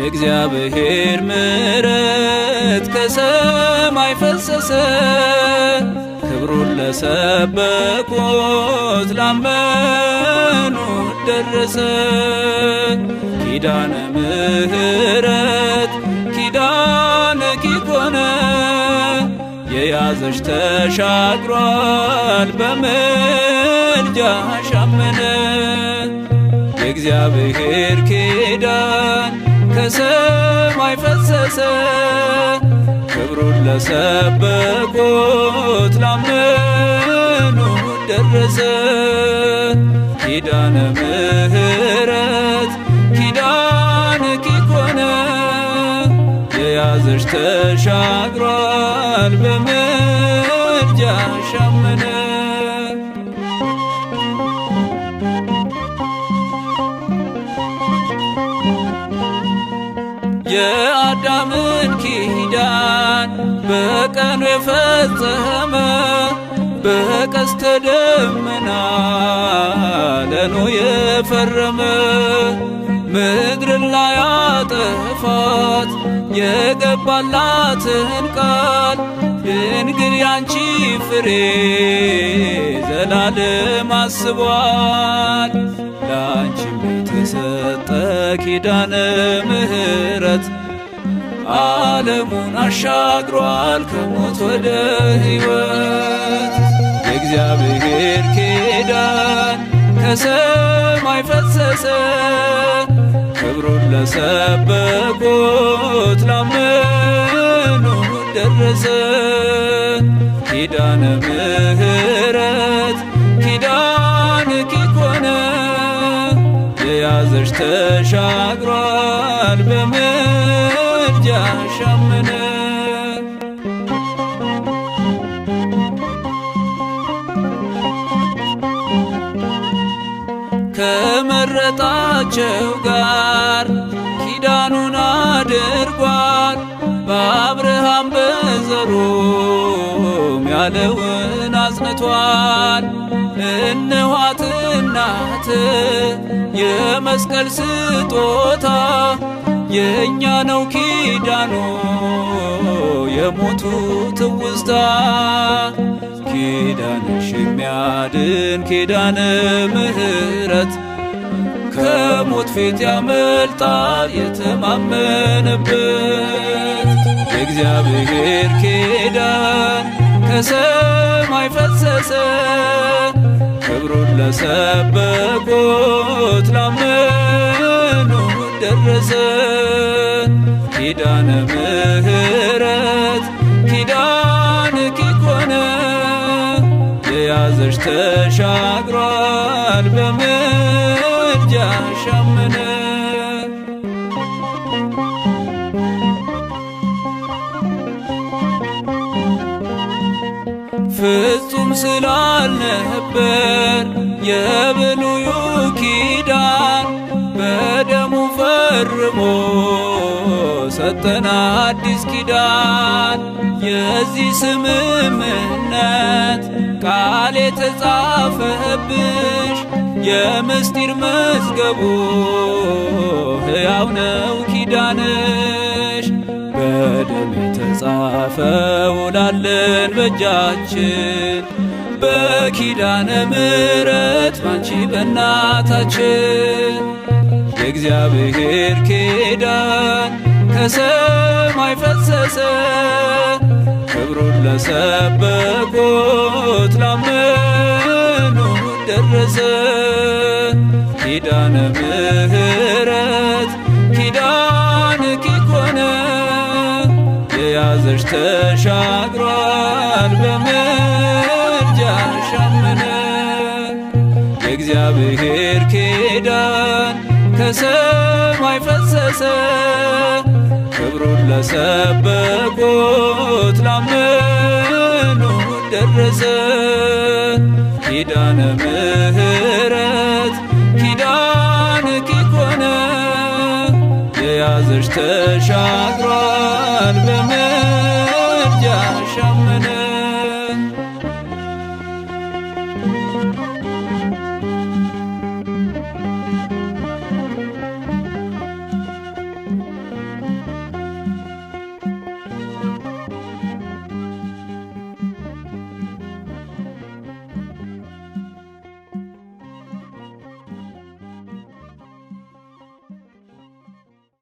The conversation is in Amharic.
የእግዚአብሔር ምሕረት ከሰማይ ፈሰሰ ክብሩን ለሰበኩት ላመኑ ደረሰ። ኪዳነ ምሕረት ኪዳነ ኪኮነ የያዘሽ ተሻግሯል በምልጃ ሻመነ የእግዚአብሔር ኪዳን ከሰማይ ፈሰሰ ክብሩን ለሰበኩት ላመኑ ደረሰ። ኪዳነ ምሕረት ኪዳን ኪኮነ የያዘሽ ተሻግሯል በመ የአዳምን ኪዳን በቀኑ የፈጸመ በቀስተ ደመና ለኖ የፈረመ ምድርን ላይ አጠፋት የገባላትን ቃል ድንግል ያንቺ ፍሬ ዘላለም አስቧል ላንቺ ሰጠ ኪዳነ ምሕረት ዓለሙን አሻግሯል ከሞት ወደ ሕይወት የእግዚአብሔር ኪዳን ከሰማይ ፈሰሰ ክብሩን ለሰበኩት ላመኑ ደረሰ ኪዳነ ምሕረት ልብሽ ተሻግሯል በምልጃ ሻመነ ከመረጣቸው ጋር ኪዳኑን አድርጓል በአብርሃም በዘሩም ያለውን አጽንቷል። እነኋት እናት የመስቀል ስጦታ የእኛ ነው ኪዳኑ የሞቱ ትውስታ ኪዳንሽ የሚያድን ኪዳነ ምሕረት ከሞት ፊት ያመልጣል የተማመነበት የእግዚአብሔር ኪዳን ከሰማይ ፈሰሰ ክብሩን ለሰበኩት ላመኑ ደረሰ። ኪዳነ ምህረት ኪዳን ኪኮነ የያዘሽ ተሻግሯል በምልጃ ሻመነ ፍጹም ስላልነበር የብሉዩ ኪዳን በደሙ ፈርሞ ሰጠን አዲስ ኪዳን። የዚህ ስምምነት ቃል የተጻፈብሽ የምስጢር መዝገቡ ሕያው ነው ኪዳንሽ በደም የተጻፈ ውላለ አኖረን በእጃችን በኪዳነ ምሕረት ባንቺ በእናታችን የእግዚአብሔር ኪዳን ከሰማይ ፈሰሰ ክብሩን ለሰበኩት ላመኑ ደረሰ ኪዳነ ያዘሽ ተሻግሯል በምልጃሽ አምነን የእግዚአብሔር ኪዳን ከሰማይ ፈሰሰ ክብሩን ለሰበኩት ላመኑ ደረሰ ኪዳነ ተሻግሯል በመርጃ ሻመነ